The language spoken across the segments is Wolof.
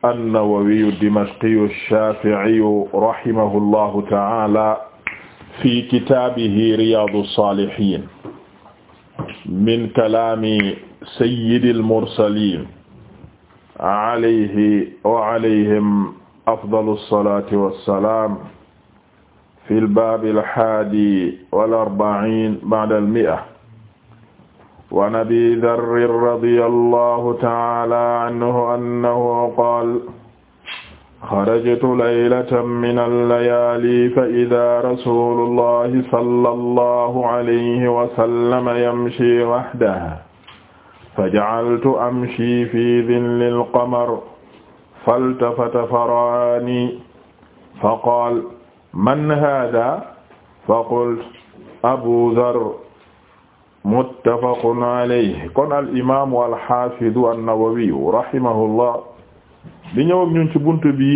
an-Nawawiyu ad-Dimashqiyu ash-Shafi'iyu rahimahullahu ta'ala fi kitaabihi Riyaadu as-Saalihiin min kalaami sayyidil mursaliin alayhi wa alayhim afdalu salaati wa salaam fil baabil haadi wal arba'iin ba'dal mi'a وعن أبي ذر رضي الله تعالى عنه أنه قال خرجت ليلة من الليالي فإذا رسول الله صلى الله عليه وسلم يمشي وحده فجعلت أمشي في ظل القمر فالتفت فرآني فقال من هذا فقلت أبو ذر muttafaqun alayhi kon al imaamu al xaafidu an-Nawawi rahimahullah di ñëw ak ñun ci bunt bi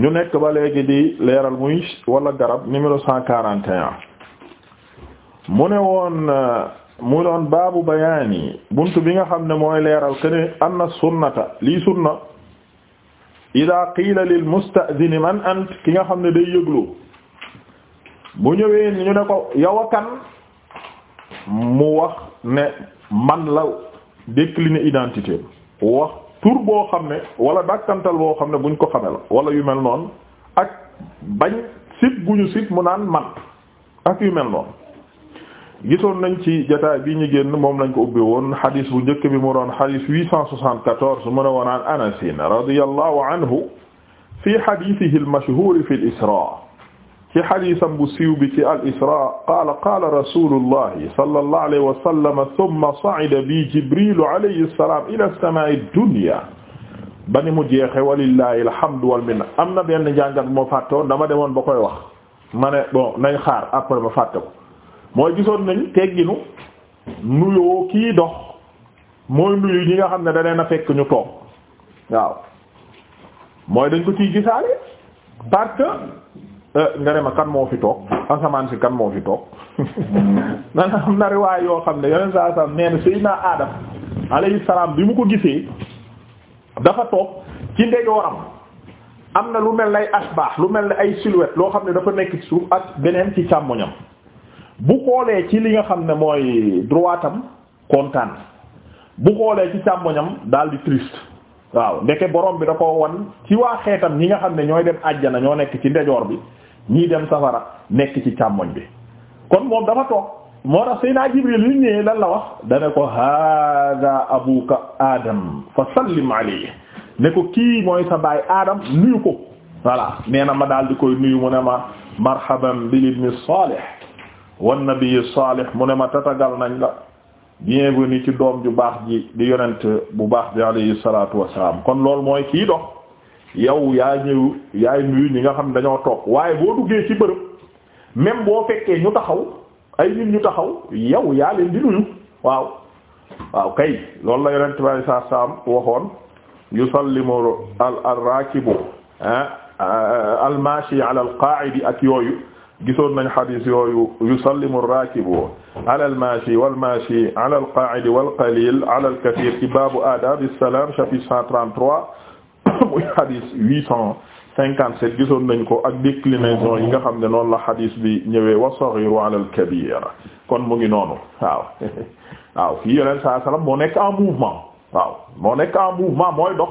ñu nekk ba léegi di leeral muy wala garab numéro cent quarante et un mu ne woon mu bayaani buntu bi nga xam ne mooy leeral que ne anna sunnata lii sunna ida qiila lil musta'dini man ant ki nga xam ne day yëglu bu ñëwee ñu ne ko yow kan mu wax ne man la décliner identité wax tur boo xam ne wala dàkkantal boo xam ne buñ ko xame la wala yu mel noon ak bañ sit guñu sit mu naan man ak yu mel noonu gisoon nañ ci jotaay bi ñu génn moom lañ ko ubbi woon xadis bu njëkk bi mu doon xadis 874 mu ne woon an Anas radiyallahu anhu fi xadisihi al-mashhur fi al-Isra ci xadiisam bu siiw bi ci al isra qaala qaala rasulullahi sallallahu alayhi wa sallam thumma bi jibrilu alayhi salaam ila samaa'i dunya ba ni mu jeexe walillahi alhamdu wal minna am na benn njàngat moo fàtte woon dama demoon ba koy wax ma ne bon nañ xaar après ma fàtte ko mooy gisoon nañ tegginu nuyoo kii dox mooy nuyu ñi nga xam ne da leen a fekk ñu toog waaw mooy dañ ko ciy gisaale parce Euh, nga ne ma kan moo fi toog asamaan si kan moo fi toog nan am na riwaay yoo xam ne yoneen saa sam nee na Seydina Adam alayhi salaam bi mu ko gisee dafa toog ci ndeyooram am na lu mel lay asbaax lu mel ne ay silhouette loo xam ne dafa nekk ci suuf ak beneen ci càmmoñam bu xoolee ci li nga xam ne mooy droitam kontaan bu xoolee ci càmmoñam daal di triste waaw ndeke borom bi da ko wan ci waa xeetam ñi nga xam ne ñooy dem àjjana ñoo nekk ci ndejoor bi ñii dem safara nekk ci càmmoñ bi kon moom dafa toog moo tax Seydina Jibril li ñëwee lan la wax dana ko hada abuka adam fa sallim alayhi ne ko kii mooy sa baay adam nuyu ko voilà nee na ma daal di koy nuyu mu ne ma marhaban bil ibn salih wan nabiy salih mu ne ma tatagal nañ la bienvenue ci doom ju baax ji di yonent bu baax bi alayhi salatu wassalam kon loolu mooy kii dox yow yaa ñëw yaay nuyu ñi nga xam ne dañoo toog waaye boo duggee ci bërëb même boo fekkee ñu taxaw ay nit ñu taxaw yow yaa leen di nuyu waaw waaw kay loolu la yonent bi saa saam waxoon yusallimu al al raakibu al ah, ah, maashi ala al qaa'idi ak yooyu gisoon nañ xadiis yooyu yusallimu ar-raakibu ala al-maashi wal-maashi ala al-qaa'idi wal-qaliil ala al-kasiir ci baabu aadaabi salaam chapitre 133 muy hadis huit cent cinquante sept gisoon nañ ko ak déclinaison yi nga xam ne noonu la hadis bi ñëwee wa saghiru ala al kabir kon mu ngi noonu waaw waaw fii yeneen saa salaam moo nekk en mouvement waaw moo nekk en mouvement mooy dox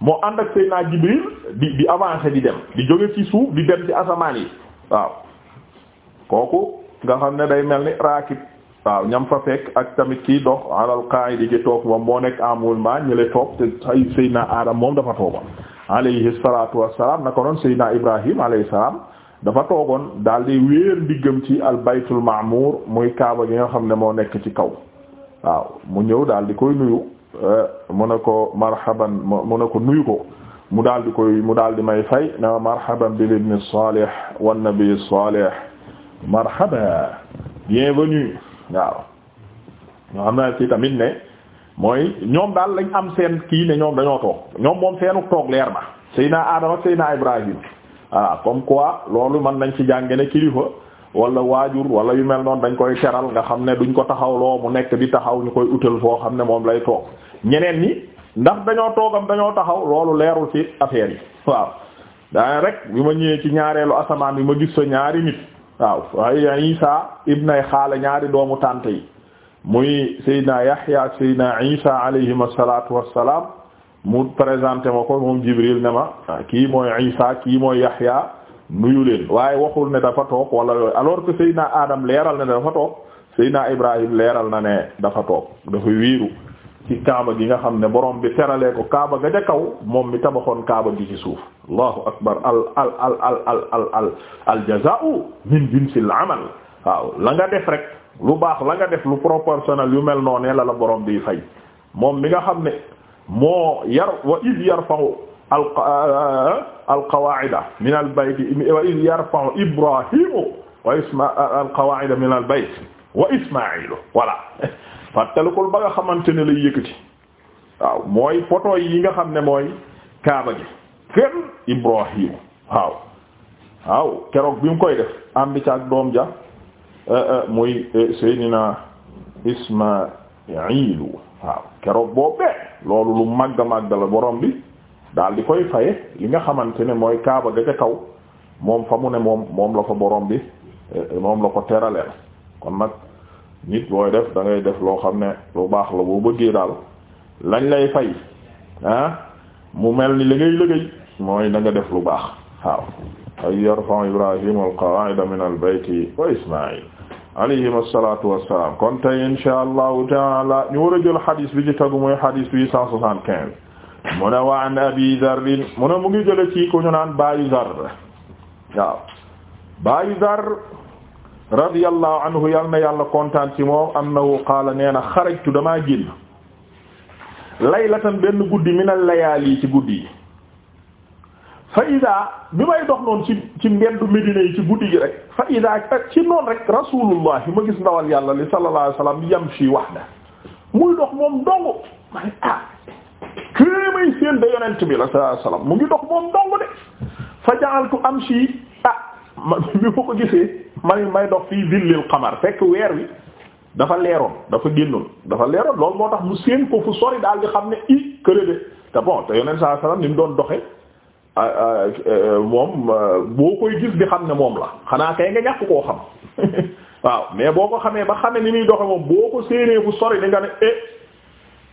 moo ànd ak Seydina Jibril di di avancer di dem di jóge ci suuf di dem ci asamaan yi waaw kooku nga xam ne day mel ni raakib waaw ñam fa fekk ak tamit kii dox alal qaa'idi ki toog moom moo nekk en mouvement ñële toog te ay Seydina Adam moom dafa toogoon alayhi salaatu wassalaam naka noon Seydina Ibrahim alayhi salaam dafa toogoon daal di wéer ndiggam ci al baytul ma'mur muy kaaba gi nga xam ne moo nekk ci kaw waaw mu ñëw daal di koy nuyu eh, mu ne ko marhaban mu ne ko nuyu ko mu daal di koy mu daal di may fay na marhaban bil ibn salih wan nabi salih bienvenue waaw ñoo xam ne ci tamit ne mooy ñoom daal lañ am seen kii ne ñoom dañoo toog ñoom moom seenu toog leer na Seydina Adama ak Seydina Ibrahim ah comme quoi loolu mën nañ ci jànge ne kilifa wala waajur wala yu mel noonu dañ koy teral nga xam ne duñ ko taxaw taxawloo mu nekk di taxaw ñu koy utal foo xam ne moom lay toog ñeneen ñi ndax dañoo toogam dañoo taxaw loolu leerul ci affaire yi waaw daa rek bi ma ñëwee ci ñaareelu asamaan bi ma gis sa ñaari nit waaw waaye ay Isa ibnay xaala ñaari doomu tante yi muy Seydina Yahya ak Seydina Isa alayhim asalatu wassalam mu présenté ma ko moom Jibril ne ma ah, kii mooy Isa kii mooy Yahya nuyu leen waaye waxul ne dafa toog wala alors que Seydina Adam leeral ne dafa toog Seydina Ibrahim leeral na ne dafa toog dafa wiiru ci kaaba gi nga xam ne borom bi teralee ko kaaba ga ca kaw moom mi tabaxoon kaaba gi ci suuf allahu akbar al al al al al amal waaw la nga def rek lu baax la nga def lu proportionnel yu mel noonee la la borom bi fay moom mi nga xam ne moo yar wa iz yarfa'u al al min al bayt wa iz yarfa'u ibrahimu wa isma al qawaa'ida min al bayt wa ismaa'ilu voilà fàttalikul ba nga xamante ne lay yëkkati waaw mooy poto yi nga xam ne mooy kaaba gi fenn Ibrahim waaw waaw keroog bi mu koy def ambi bi ak doom ja eh, eh, muy eh, Seydina Ismaayilu waaw keroog boobee loolu lu màgg màgg la borom bi daal di koy faye li nga xamante ne mooy kaaba ga ca kaw moom fa mu ne moom moom la ko boroom bi moom la ko teraleel kon nag nit booy def da ngay def loo xam ne lu baax la boo bëggee daal lañ lay fay ah mu mel ni li ngay mooy da def lu baax waaw ay yarfa ibrahimu alqawaida min albayti wa ismail alayhim asalatu wassalam kon tey insha allahu taala ñu war a jël xadis bi ci tagu mooy xadis huit cent soixante quinze mu ne wa an abi zarrin mu ne mu ngi jële ci ku ñu naan baayu zar waaw baayu radiyallahu anhu yal na yàlla kontaan ci moom annahu qaala nee na xarajtu damaa génn laylatan benn guddi minal layaali ci guddi yi fa ida bi may dox noonu ci ci mbeddu Medina yi ci guddi yi rek fa ida ci noonu rek rasulullah ma gis ndawal yàlla li sallallahu alayhi wasallam yamshi wahda muy dox moom dong ma ne ah kii may seen da yonent bi la sallallahu alayhi wasallam mu ngi dox moom dong de fa ja'altu amshi ah ma bi ma ko gisee may may dox fii zillil xamar fekk weer wi dafa leeroon dafa génnoon dafa leeroon loolu moo tax mu séen ko fu sori daal di xam ne i këlade te bon te yoneen saa salaam doon doxe moom boo xam ne moom xanaa kay koo xam waaw mais boo ko xamee ba xamee ni muy doxe moom boo ko séenee fu sori di nga ne e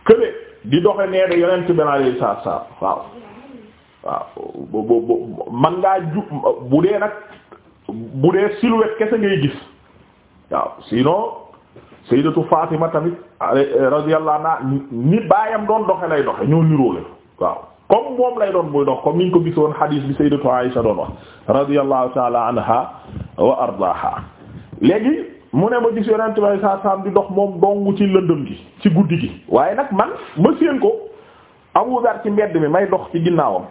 kële di doxe nee de yonent bi alayhi salaatu salaam waaw waaw man ngaa bu dee nag bu dee silhouette kese ngay gis waaw sinon sayyidatu Fatima tamit radiyallahu anha ni baayam doon doxe lay doxe ñoo niroole waaw comme moom lay doon muy dox comme niñ ko gisoon hadith bi sayyidatu Aisha doon wax radiyallahu ta'ala anha wa ardaha léegi mu ne ma gis yonent bi saa saam di dox moom dong ci lëndëm gi ci guddi gi waaye nag man ma séen ko Abu Dar ci mbedd mi may dox ci ginnaawam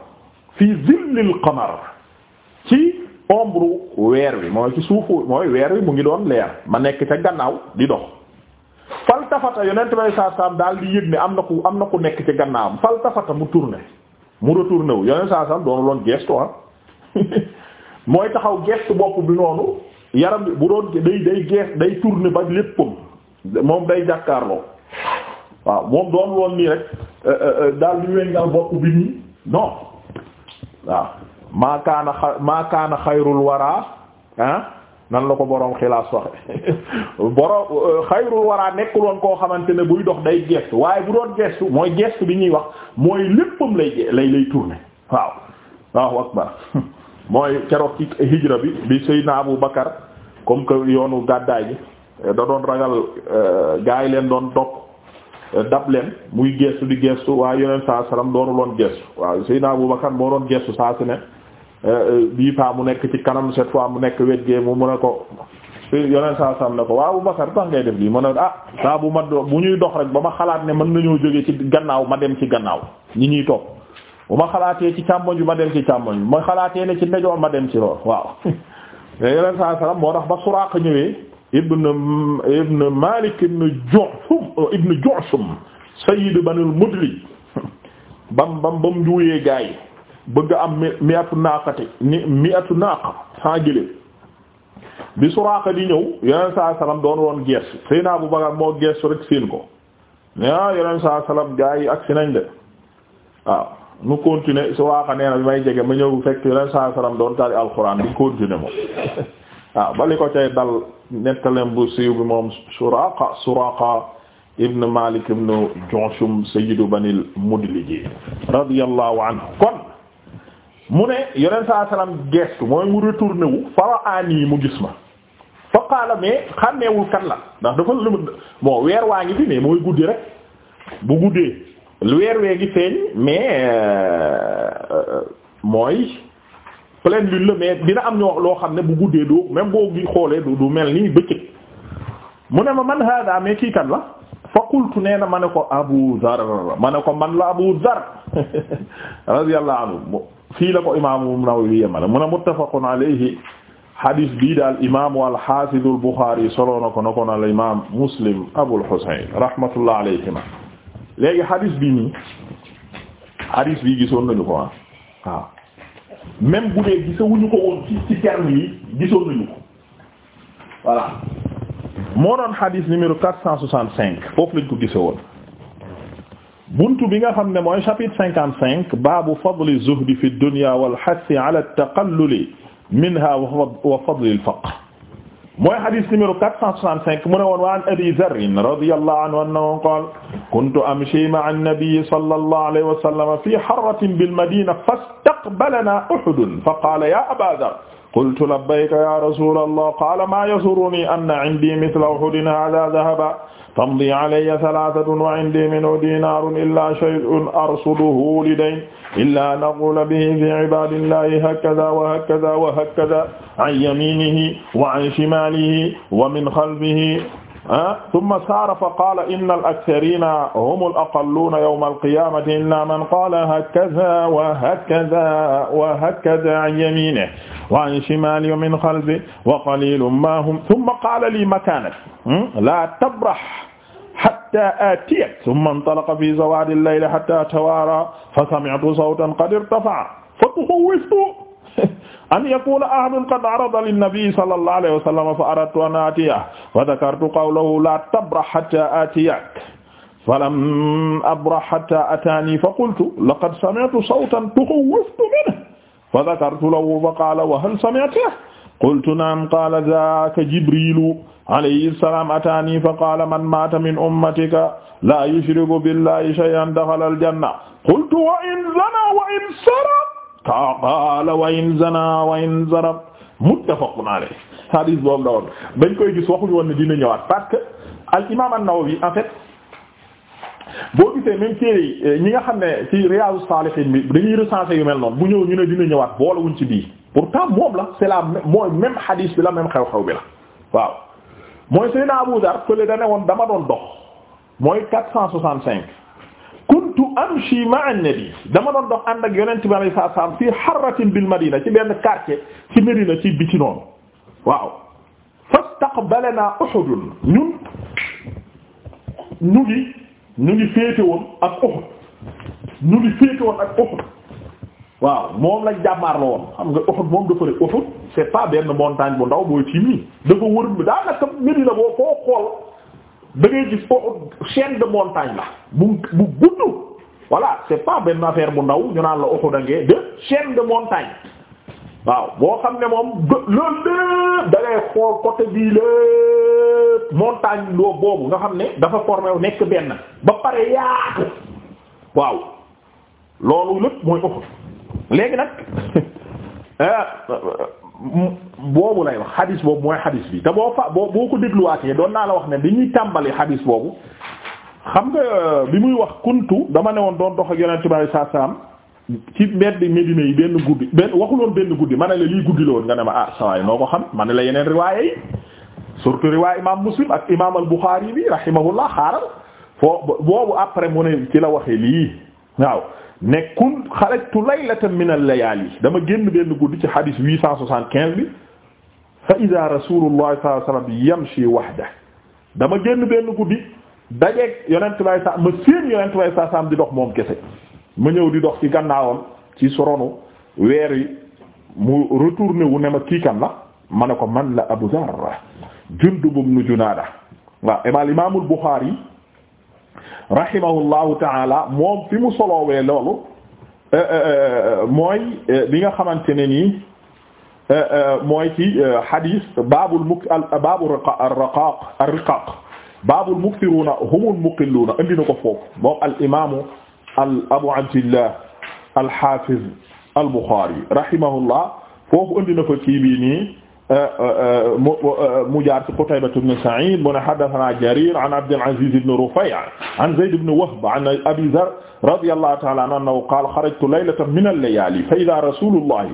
fii zillil qamar ci ombre weer wi mooy ci suufu mooy weer wi mu ngi doon leer ma nekk ca gannaaw di dox faltafata yonent bay saa saam daal di yëg ne am na ku am na ku nekk ci gannaawam faltafata mu tourné mu retourné wu yonent saa saam doonu loon gestu ah mooy taxaw gestu bopp bi noonu yaram bi bu doon day day gees day tourné ba léppam moom day jàkkaarloo waaw moom doon loon nii rek euh, euh, euh, daal di wengal bopp bi nii non waaw maa kaana maa kaana xayrul waraa ah, nan la ko borom xilaas waxe borom euh, xayrul waraa nekkul koo xamante ne buy dox day gestu waaye bu doon gestu mooy gestu bi ñuy wax mooy léppam lay lay lay tourner waaw waaw akbar mooy keroog ci hijra bi bi Seydina Abu Bakar comme que yoonu gàddaay gi euh, da doon ragal euh, gaa leen doon topp dab leen muy gestu di gestu waaye yeneen saa salaam doonu loon gestu waaw Seydina Abu Bakar moo doon gestu saa si bii fa mu nekk ci kanam cette fois mu nekk wet gee mu mën a ko yoneen saa sam ne ko waaw Bakar tax ngay def lii mën a ah saa bu ma bu ñuy dox rek ba ma xalaat ne mën nañoo jógee ci gannaaw ma dem ci gannaaw ñi ñuy topp bu ma xalaatee ci càmmoñ bi ma dem ci càmmoñ bi ma xalaatee ne ci ndejoor ma dem ci lool waaw mais yoneen saa sallam moo tax ba Suraaqa ñëwee ibn ibn Malik ibn Ju'shum ibn ba sayyid Banul Mudli bam bam bam njuuyee gaa yi bëgg am mi mi atu naaqati ni mi atu naaqa sans gëléem bi Suraaqa di ñëw yeneen saa salaam doon woon gees Seydina Abu Bakar moo gees rek seen ko ah yeneen saa salaam gaa yi nañ de waaw ah, nu continuer Suraaqa nee bi may jege ma ñëw fekk yeneen saa salaam doon tari alxuraan di continuer moom waaw ah, bali ko dal nettaleem bu siiw bi moom Suraaqa Suraaqa ibn Malik ibn Jushum sayyidu banil Mudliji radiyallahu anhu kon. mu ne yonent saa salaam gestu mooy mu retourné wu fara aani mu gis ma fa qaala mais xàmmeewul kan la ndax dafa lu bon weer waa ngi fi mais mooy guddi rek bu guddee lu weer wee ngi feeñ mais euh, mooy pleine lune la mais dina am ñoo loo xam ne bu guddee doo même boo gi xoolee du mel nii bëccëg mu ne ma man hada mais kii kan la fa qultu ma ne ko Abu Dhar ma ne ko man la Abu Dhar radiyallahu anhu fii la ko imaamu Nawawi yemale mu ne muttafaqun alayhi hadis bii daal imaamu alxaafidu albuxaari solo na ko na ko na al imaam muslim abul xusayn rahmatullah alayhima léegi hadis bi nii hadis bii gisoon nañu ko ah waaw même bu dee gisawuñu ko woon ci ci terme yi gisoon nañu ko voilà moo doon hadis numéro 465 foofu lañ ko woon buntu bi nga xam ne mooy chapitre cinquante cinq baabu fadli zuhdi fi dunya wal hassi ala taqalluli minha wa fadli al faqr mooy hadis numéro quatre cent soixante cinq mu ne woon wa an abi zarrin radiyallahu anhu annahu qaala kuntu amshi ma'a an-nabiyyi sallallahu alayhi wa sallam fi harratin bil madina fastaqbalana uhudun fa qaala ya aba dharr qultu labbayka ya rasulallah qaala ma yasurruni anna indi mithla uhudin hadha dhahaban tamdi alayya thalathatun wa indi minhu dinaarun illaa shay'un arsuduhu li dayn illaa an aqula bihi fi ibaadillahi hakadha wa hakadha wa hakadha an yaminihi wa an shimalihi wa min khalfihi thumma saara fa qaala inna al-aktharina humu al-aqalluna yawma al-qiyamati illaa man qaala hakadha wa hakadha wa hakadha an yaminihi wa an shimalihi wa min khalfihi wa qalilun ma hum thumma qaala li makanaka hmm? laa tabrah hatta atiyat thumma intalaqa fi zawaadi al-layli hatta tawaara fa sami'tu sawtan qad irtafa'a fa tukhawwiftu an yakuna ahadun qad arada linnabi sallallahu alayhi wa sallam fa aradtu an aatiyahu wa dhakartu qawlahu la tabrah hatta aatiyak falam abrah hatta ataani fa qultu laqad sami'tu sawtan tukhawwaftu minhu fa dhakartu lahu fa qaala wa hal sami'tahu qultu na'am qaala dhaaka jibriilu alayhi salaam ataani fa qaala man maata min ummatika laa yushriku billahi shay'an daxala aljanna qultu wa in zana wa in saraq qaala wa in zana wa in saraq muttafaqun alayhi hadith boobu la woon bañ koy gis waxuñu woon dina ñëwaat parce que al imam an-Nawawi en fait boo gisee eh, xam ne ci Riyâdous Sâlihîne bi dañuy recenser yu mel noonu bu ñëw ñu ne dina ñëwaat boolewuñ ci mooy même hadith bi la xew-xew bi mooy Seydina Abu Dar fële da woon dama doon dox mooy quatre cent soixante cinq kuntu amshi ma'a an-nabi dama doon dox ànd ak yonent bi alayhi salaam fii harratin bil madina ci benn quartier ci Medina ci biti noonu waaw fastaqbalana Uhud ñun ñu ngi ñu ngi féete woon ak Uhud ngi féete ak waaw moom lañ jàmmaar la woon xam nga Uhud moom dafa rek Uhud c'est pas benn montagne bu ndaw booy tiim nii dafa wër bi daanaka mari la boo koo xool da gis Uhud chaîne de montagne la bu bu gudd c'est pas benn affaire bu ndaw ñu naan la Uhud a ngee de chaîne de montagne waaw boo xam ne moom côté bii lépp montagne loo nga xam ne dafa formé wu nekk benn ba pare yaatu waaw loolu lépp mooy Uhud léegi nag ah, boobu lay wax xadis boobu mooy xadis bi te boo fa boo boo ko dégluwaatee doon naa la wax ne bi ñuy tàmbali xadis boobu xam nga bi muy wax kuntu dama ne woon doon dox ak yonent bi sallallahu alayhi wasallam ci mbedd Medina yi benn guddi benn waxuloon benn guddi ma la lii guddi la nga ne ma ah sawaay noo ko xam ma ne la yeneen riwaaya yi surtout riwaaya imam Muslim ak imam al-Bukhari bi rahimahullah xaaral foo boobu après mu ne ci la waxee lii waaw ne kun xarajtu laylatan min al-layaali dama génn benn guddi ci xadis huit cent soixante-quinze bi fa idaa rasuulullahi sallallahu alayhi wa sallam yamshi wahda dama génn benn guddi dajeeg yonent bay sa ma séen yonent sa sa sam di dox moom kese ma ñëw di dox ci gannaawam ci soronu weer yi mu retourné wu ne ma kii la ma ne ko man la Abu Dharr Jundub ibn Junaada waaw imaam al rahimahullahu taala moom fi mu soloowee loolu euh, euh, euh, mooy bi nga xamante ne nii mooy ci hadis baabul muk baabul ar-raqaaq ar-riqaaq baabul muktiruuna humul muqilluuna indi na ko foofu moom al imaamu al abu abdillah al haafiz al buxaari rahimahullah foofu indi na ko kii bii nii. Euh, euh, euh, mu jaar ci Qutayba ibn Sa'id mu ne haddathana Jarir an Abd al-Aziz ibn Rufay' an Zayd ibn Wahb an Abi Dharr radiyallahu ta'ala anhu qala kharajtu laylatan min al-layali fa idha rasulullah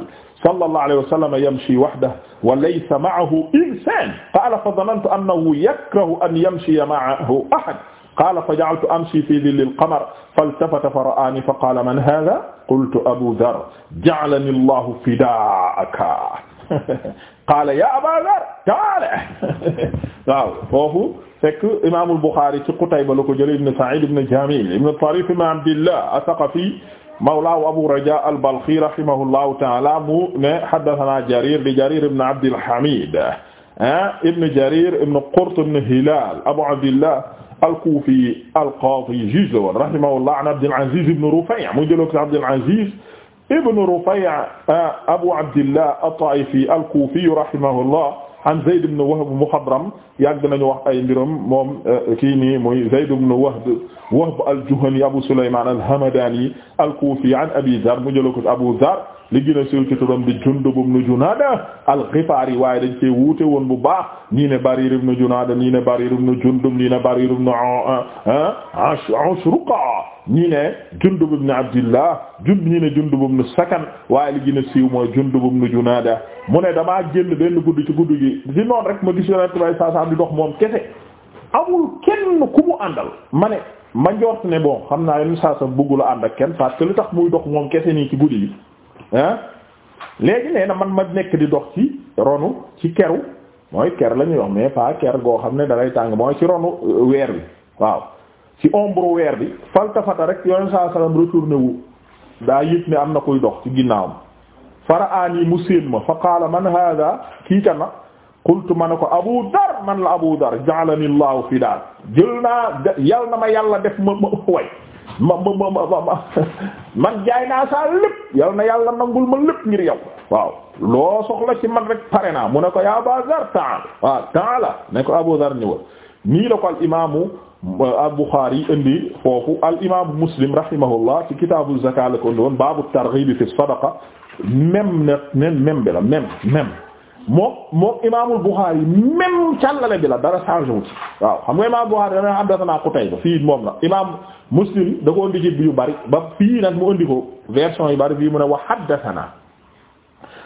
sallallahu alayhi wa sallam yamshi wahdahu wa laysa ma'ahu insan qala fa dhanantu annahu yakrahu an yamshiya ma'ahu ahad qala faja'altu amshi fi dhilli al-qamar faltafata fara'ani faqala man hadha qultu Abu Dharr ja'alani Allahu fidaaka qaala ya Abaa Zarr taala waaw foofu fekk imaamul Buxaari ci Qutayba la ko jëlee ibn Sa'iid ibn Jamiil ibn Tariif ibn Abdillah Asaqafi mawlaa Abu Rajaa al-Balxi rahimahullahu taala mu ne haddasanaa Jariir di Jariir ibn Abdil Hamiid ah, ibn Jariir ibn Qurt ibn Hilaal Abu Abdillah al-Kuufi al-Qaadi juge la woon rahimahullah an Abdil Aziz ibn Rufay' mu jëloo ko Abdil Aziz ibnu Rufay' ah, Abu Abdillah at-Taa'ifi al-Kuufi rahimahullah an Zayd ibn Wahb muxadram yàgg nañu wax ay mbiram moom eh, kii nii muy Zayd ibn Wahb Wahb al-Juhani Abu Sulaymaan al-Hamdaani al-Kuufi an Abi Dharr mu jël ko Abu Dharr li gën a siiw ci turam di Jundub ibn Junaada al-Ghifari waaye dañ cee wuute woon bu baax ñii ne Barir ibn Junaada ñii ne Barir ibn Jundub ñii ne Barir ibn ah, Ashruqa ñii ne Jundub ibn Abdillah Jundub ñii ne Jundub ibn Sakan waaye li gën a siiw mooy Jundub ibn Junaada mu ne damaa génn benn guddi ci guddi gi di noonu rek ma gis Yonent bay saasaam di dox moom kese amul kenn ku mu àndal ma ne ma njort ne bon xam naa Yonent saasam buggul a ànd ak kenn parce lu tax muy dox moom kese nii ci guddi gi ah léegi nee na man ma nekk di dox ci ronu ci keru mooy ker la ñuy wax mais pas ker goo xam ne dalay tàng mooy ci ronu euh, weer bi waaw ci ombre weer bi faltafata rek yoneen saa sallam retourné wu daa yëg ne am na koy dox ci ginnaaw fara aan yi mu séen ma fa qaala man hada kiika na qultu ma ne ko abu dar man la abu dar ja'alani llahu fi daal jël naa yal na ma yàlla def ma ma way ma ma ma ma man jaay naa saa lépp yal na yàlla nangul ma lépp ngir yow waaw loo soxla ci man rek pare naa mu ne ko ya Abu Zar taal waaw taala ne ko Abu Zar ñëwal nii la ko al imaamu euh, al-Bukhari indi foofu al imaamu Muslim rahimahullah ci kitaabu zakaat la ko indi woon baabu targhib fi sadaqa même ne même bi la même même. moom moom imaamul Buxaari même càllale bi la dara changé wu ci waaw xam nga imaamul Buxaari dana haddathana Qutayba fii moom la imaam Muslim da ko indi ci yu bari ba fii nag mu indi ko version yu bari fii mu ne wa haddathana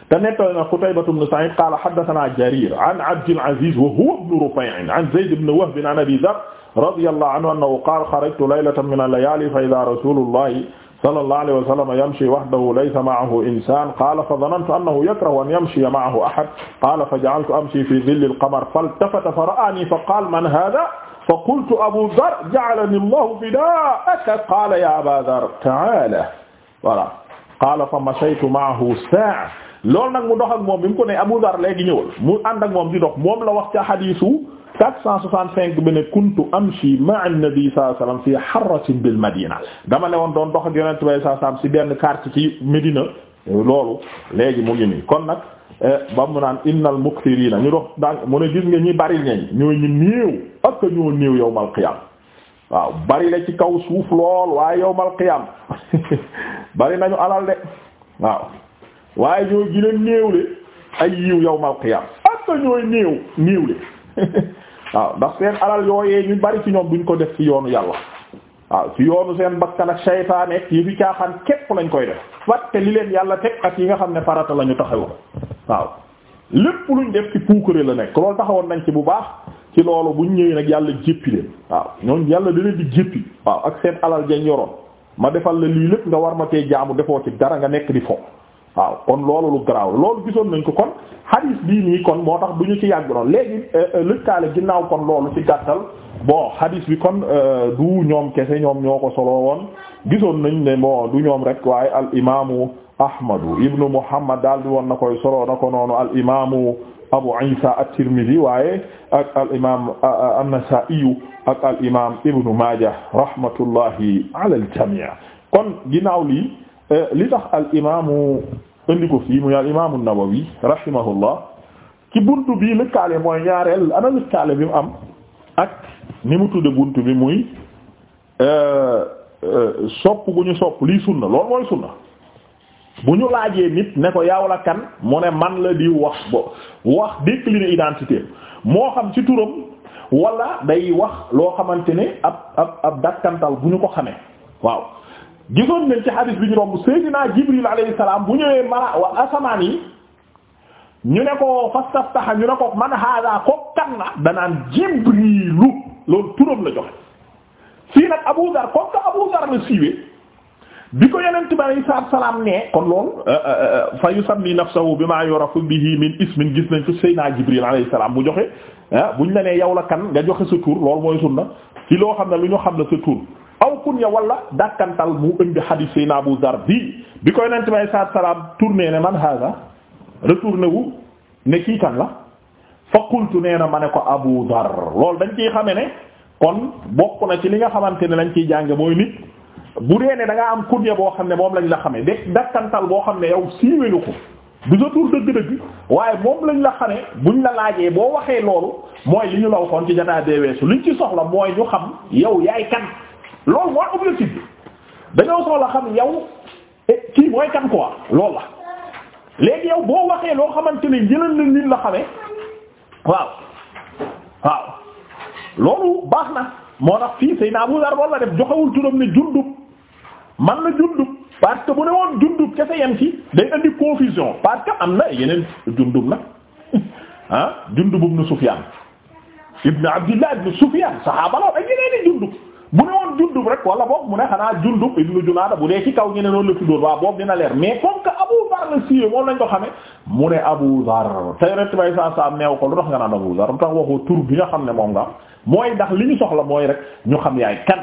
te nettali na Qutayba ibn Sa'id qaala haddathana Jarir an Abdil Aziz wa huwa ibn Rufay' an Zayd ibn Wahb an Abi Dharr radiyallahu anhu annahu qaala kharajtu laylatan min al-layali fa idha rasulullahi sallallahu alayhi wa sallam yamshi wahdahu laysa ma'ahu insan qala fa dhanantu annahu yakrahu an yamshiya ma'ahu ahad qala faja'altu amshi fi dhilli al-qamar faltafata fara'ani faqala man hadha faqultu abu dhar ja'alani allahu fidaaka qala ya aba dhar ta'ala voilà qala famashaytu ma'ahu sa'a loolu nag mu dox ak moom bi mu ko ne Abu Dar léegi ñëwal mu ànd ak moom di dox moom la wax ca xadiisu 465 bi ne kuntu amshi ma'a an-nabi sallallahu alayhi wasallam fi harratin bil madina dama ne woon doon dox ak yonent bi sallallahu alayhi wasallam ci benn quartier ci Medina loolu léegi mu ngi nii kon nag eh, ba mu naan innal mukthirina ñu dox daal mu a gis nga ñi bari ñañ ñoo ñu néew ak ñoo néew yawmal qiyaam waaw bari la ci kaw suuf lool waaye yawmal qiyaam bari nañu alal de waaw waaye ñooy gën a néewle ay yiw yawmal qiyaam am na ñooy néew néewle waaw ndax seen alal yooyee ñu bari ci ñoom ñu ko def ci yoonu yàlla waaw ci yoonu seen bakkan ak saytaane ak yi fi képp lañ koy def fàtte li leen yàlla teg ak yi nga xam ne farata la ñu taxawoo waaw lépp luñ def ci puukare la nekk loolu taxawoon nañ ci bu baax ci loolu buñ ñëwee nag yàlla jéppi leen waaw ñoom yàlla da leen di jéppi waaw ak seen alal jañ yoroon ma defal la lii lépp nga war ma tee jaamu defoo ci dara nga nekk di fo waaw kon loolu lu garaaw loolu gisoon nañ ko kon hadith bii nii kon moo tax bu ñu ci yàgg noonu léegi euh, lëkkaale ginnaaw kon loolu ci gàttal boo hadith bi kon euh, du ñoom kese ñoom ñoo ko solo woon gisoon nañ ne moo du ñoom rek waaye al imaamu ahmadu ibnu muhammad daal di woon na koy solo na ko noonu al imaamu abu isa at-tirmidhi waaye ak al ak al imaam ibnu maaja rahmatullahi ala al jami' kon ginnaaw lii euh, indi ko fii muy al imaamu Nawawi rahimahullah ci buntu bii lëkkaale mooy ñaareel ana lëkkaale bi mu am ak ni mu tudde bunt bi muy euh, euh, sopp gu ñu sopp lii sunna loolu mooy sunna bu ñu laajee nit ne ko yaw la kan mu ne man la di wax bo wax décliner identité moo xam ci turam walla day wax loo xamante ne ab ab ab dakkantal bu ñu ko xamee waaw gisoon nañ ci hadith bi ñu romb Seydina Jibril alayhi salaam bu ñëwee mara wa asamaan yi ñu ne ko fastaftaha ñu ne ko man hada ko kan la danaan Jibrilu loolu turam la joxe fii nag Abu Dar ko ka Abu Dar la siiwee bi ko yonent bi alayhi salaam ne kon loolu euh, euh, euh, fa yusammi nafsahu bima yurafu bihi min ismin gis nañ ko Seydina Jibril alayhi salaam bu joxe ah buñ la nee yow la kan nga joxe sa tur loolu mooy sunna ci loo xam ne lu ñu xam la sa tur. kunya wala dàkkantal mu indi hadith sayna Abu Zar bii bi koy nent bay saat salaam tourné ne man haza retourné wu ne kiitan la fa qultu nee na ma ne ko Abu Zar loolu dañ ciy xame ne kon bokk na ci li nga xamante ne lañ ciy jànge mooy nit bu reene ne da ngaa am kunya boo xam ne moom lañ la xamee de dàkkantal boo xam ne yow siiwelu ko du sa tur dëgg-dëgg waaye moom lañ la bu ñu la laajee boo waxee loolu mooy li ñu la waxoon ci jotaay bee weesu liñ mooy ñu xam yow yaay loolu mooy objectif bi dañoo soxla xam yow eh, kii mooy ko quoi loolu la léegi yow boo waxee loo xamante ni jëlan na nit la xamee waaw waaw loolu baax na moo tax fii Seydina Abu Dar loolu la def joxewul turam ne jundub man na jundub parce que bu ne woon jundub kese yem ci day indi confusion parce que am na yeneen jundub nag ah jundub ibn Sufyan ibn Abdullah ibn Sufyan saxaaba la ak yeneen i jundub bu ne woon jundub rek wala boog mu ne xanaa jundub ibnu junaada bu dee ci kaw ñu ne noonu la tuddoon waaw boobu dina leer mais comme que Abu Zar la siiwee moom lañ ko xamee mu ne Abu Zar tey rek bay saa saa neew ko lu tax nga naan Abu Zar lu tax waxoo tur bi nga xam ne moom nga mooy ndax li ñu soxla mooy rek ñu xam yaay kan.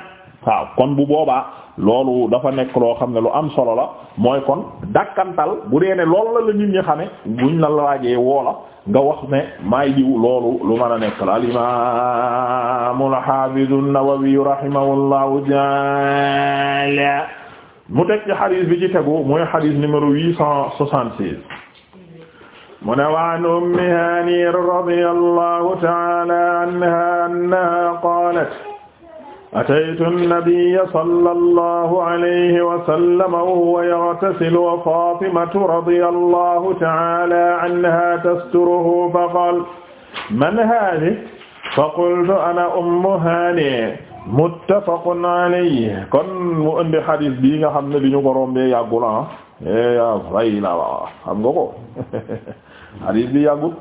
waaw kon bu boobaa loolu dafa nekk loo xam ne lu am solo la mooy kon dakkantal bu dee ne loolu la la ñi xame buñ la laajee woola nga wax ne maay jiw loolu lu mën a nekk la al imam al hafiz an-Nawawi rahimahullahu ta'ala mu teg ci xadis bi ci tegu mooy xadis numéro huit cent soixante-six mu ne waan ummi Haani radiyallahu ta'ala anha annaha qalat ataytu an-nabiyya sallallahu alayhi wa sallam wa huwa yaghtasilu wa Faatimatu radiyallahu ta'ala anha tasturuhu faqaala man haadhihi faqultu ana ummu haani muttafaqun alayhi kon mu indi hadith bii nga xam ne bi ñu ko rombee yàggul ah eh yaa fay la waaw ah. xam nga ko hadith bi yàggul.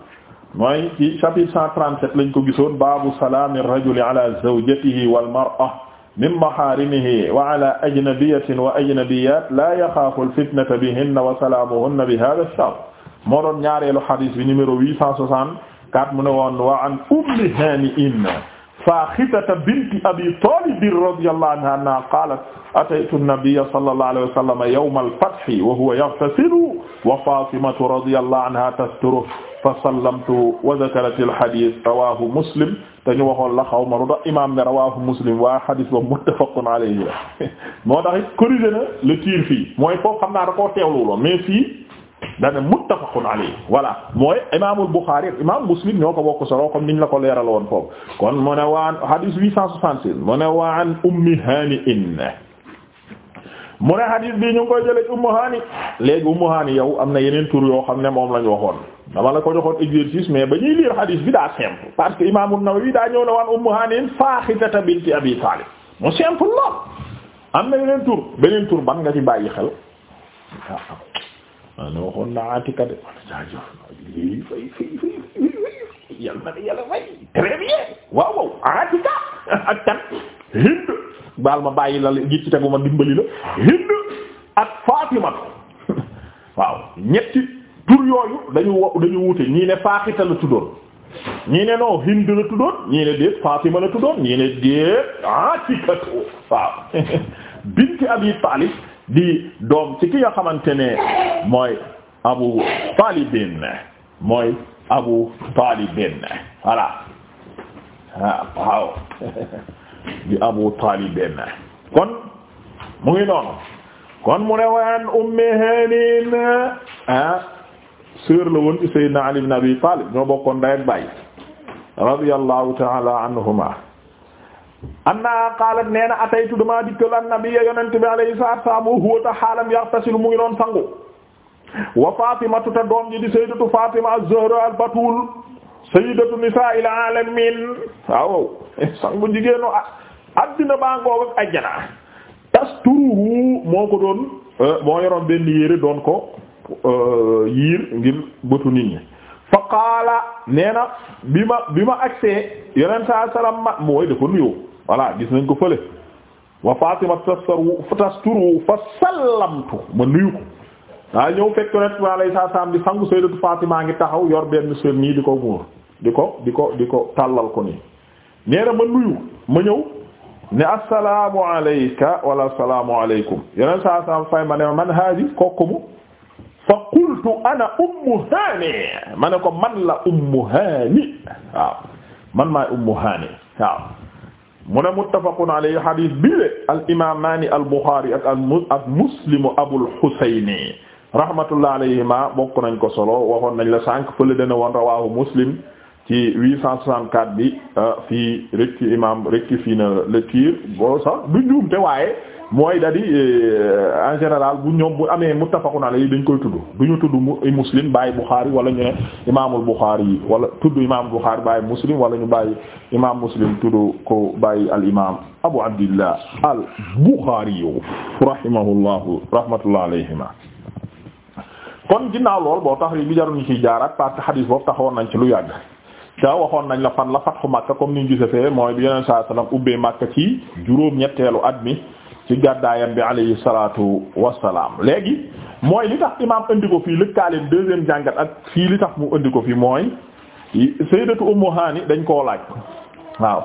mooy ci chapitre 137 lañ ko gisoon baabu salaami rajuli ala zawjatihi wal mar'a min maharimihi wa ala ajnabiyatin wa ajnabiyat la yaxaafu alfitnata bihinna wa salaamuhunna bi hada ash-shart moo doon ñaareelu xadis bi numéro 864 mu ne woon wa an ummi haani'in faaxitata binti abi talib radiyallahu anha anna qaalat ataytu nabiyya sallallahu alayhi wa sallam yawma al-fathi wa huwa yaghtasilu wa fatimatu radiyallahu anha tasturuhu fa sallamtu wa zakarat al hadith rawahu muslim te ñu waxoon la xaw ma lu tax imaam ne rawahu muslim waa hadith ba muttafaqun alayhi la moo tax it corrigé na le tir fii mooy foofu xam naa da koo teewlu lool mais fii dana muttafaqun alayhi voilà mooy imaamul Bukhari imaam Muslim ñoo ko bokk solo comme la ko leeral woon foofu kon mu ne waan hadith 866 mu ne waan ummi hani in mu ne hadith bi ñu ngi koy jëlee ummu hani léegi ummu hani yow am na yeneen tur yoo xam ne moom lañu waxoon. dama la ko joxoon exercice mais ba ñuy lire hadith bi daa simple parce que imaamu Nawawi daa ñëw ne waan Ummu Hanin Faaxitata binti Abi Taalib mu simple lool am na beneen tur beneen tur ban nga ci bàyyi xel waaw ne waxoon na Atika ak tan Hind baal ma bàyyi la gis ci tegu ma la Hind ak Fatima waaw ñetti tur yooyu dañu w dañu wuute ñii ne faaxita la tuddoon ñii ne non hind la tuddoon ñii ne déet Fatima la tuddoon ñii ne déet Atikatu waaw binti Abi Talib di doom ci ki nga xamante ne mooy Abu Talibin mooy Abu Talibin voilà ah, waaw di Abu Talibin kon mu ngi noonu kon mu ne waan Ummi Hanin ah sœur la woon Ali ibn Abi Talib ñoo bokkoon ndey ak baay radiyallahu ta'ala anhuma anna qalat nee na ataytu damaa dikkal annabiyya yonent bi alayhi salaatu wa huwa ta xaalam yaqtasilu mu ngi doon sangu wa Fatimatu ta doom ji di sayyidatu Fatima az-Zahra al-Batul sayyidatu alamin waaw sangu jigéenu addina baa ngoog ajjana tasturuhu moo ko doon moo yoroon benn yére doon ko Euh, yiir ngir bëtu nit ñi fa qaala nee na bi ma bi ma agsee yonent saa salaam ma mooy dafa nuyoo voilà gis nañ ko fële wa Fatima tastaru tasturu fa sallamtu ma nuyu ko daa ñëw fekk yonent bi salaam bi sangu sayyidatu Fatima ngi taxaw yor benn sër nii di ko muur di ko di ko di ko tàllal ko nii nee na ma nuyu ma ñëw ne assalaamu alayka wala assalaamu alaykum yonent saa salaam fay ma ne man haadi kooku fa qultu ana ummu hani ma ne ko man la ummu hani waaw man maay ummu hani waaw mu ne muttafaqun alayhi hadith bii al imamani al bukhari ak ak muslimu abul husayni rahmatullah alayhima bokk nañ ko solo waxoon nañ la sànq fële dana woon rawahu muslim ci 864 bi euh, fii recti imam rectifié na le tir boo sax du njuumte waaye mooy da di eh, en général bu ñoom bu amee muttafaqun yi dañ koy tudd du ñu tudd eh, muslim bàyyi Bukhari wala ñu ne imaamul Bukhari yi wala tudd imaam Bukhari bàyyi muslim wala ñu bàyyi imaam muslim tudd ko bàyyi al imaam Abu Abdillah al Bukhari yow rahimahullahu rahmatullah alayhima kon ginnaaw lool boo tax bi jarul ñu ciy jaaraat parce que xadiis boobu taxawoon nañ ci lu yàgg te waxoon nañ la fan la fatxu Makka comme ni ñu gisee fee mooy bi yeneen saa salaam ubbee Makka ci juróom at mi. ci gàddaayam bi alayhi salaatu wassalaam léegi mooy li tax imaam indi ko fii lëkkaaleem deuxième jàngat ak fii li tax mu indi ko fii mooy sayyidatu ummu haani dañ koo laaj waaw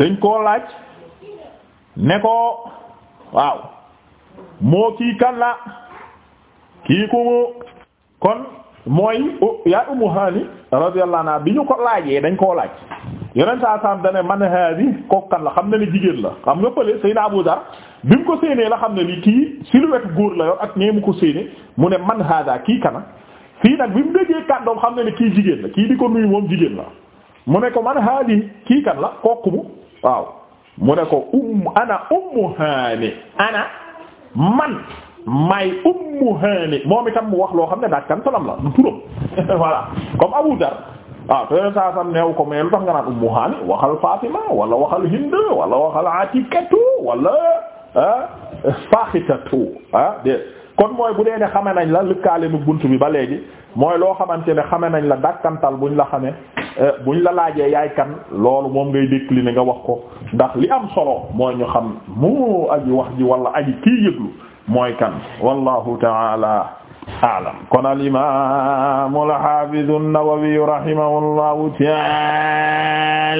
dañ koo laaj ne ko waaw moo kii kan la kii ku kon mooy yaay ummu haani radiyallahu anha bi ñu ko laajee dañ koo laaj yeneen saa saam dane man haadi kan la xam ne ne jigéen la xam nga pële Seydina Abu Dar bi mu ko séenee la xam ne ni kii silhouette góor la yor ak nee mu ko séenee mu ne man haada kii kana fii nag bi mu déggee kàddoom xam ne ne kii jigéen la kii di ko nuyu moom jigéen la mu ne ko man haadi kii kan la kooku mu waaw mu ne ko umm ana ummu haani ana man may ummu haani moom itam mu wax loo xam ne daaj kan salam la du turam voilà comme Abu Dar waaw ah, te yoneen saa sam neew ko mais lu tax nga naan ummu haani waxal fatima wala waxal hind wala waxal atikatu wala ah faaxitatu ah, kon mooy bu dee ne xame nañ la lëkkaale nu bunt bi ba léegi mooy loo xamante ne xame nañ la dàkkantal buñ la xame bu eh, buñ la laajee yaay kan loolu moom ngay décliner nga wax ko ndax li am solo mooy ñu xam mu aji wax ji wala aji kii yëglu mooy kan wallahu taala a'lam kon al imam al hafiz an-Nawawi rahimahullahu ta'ala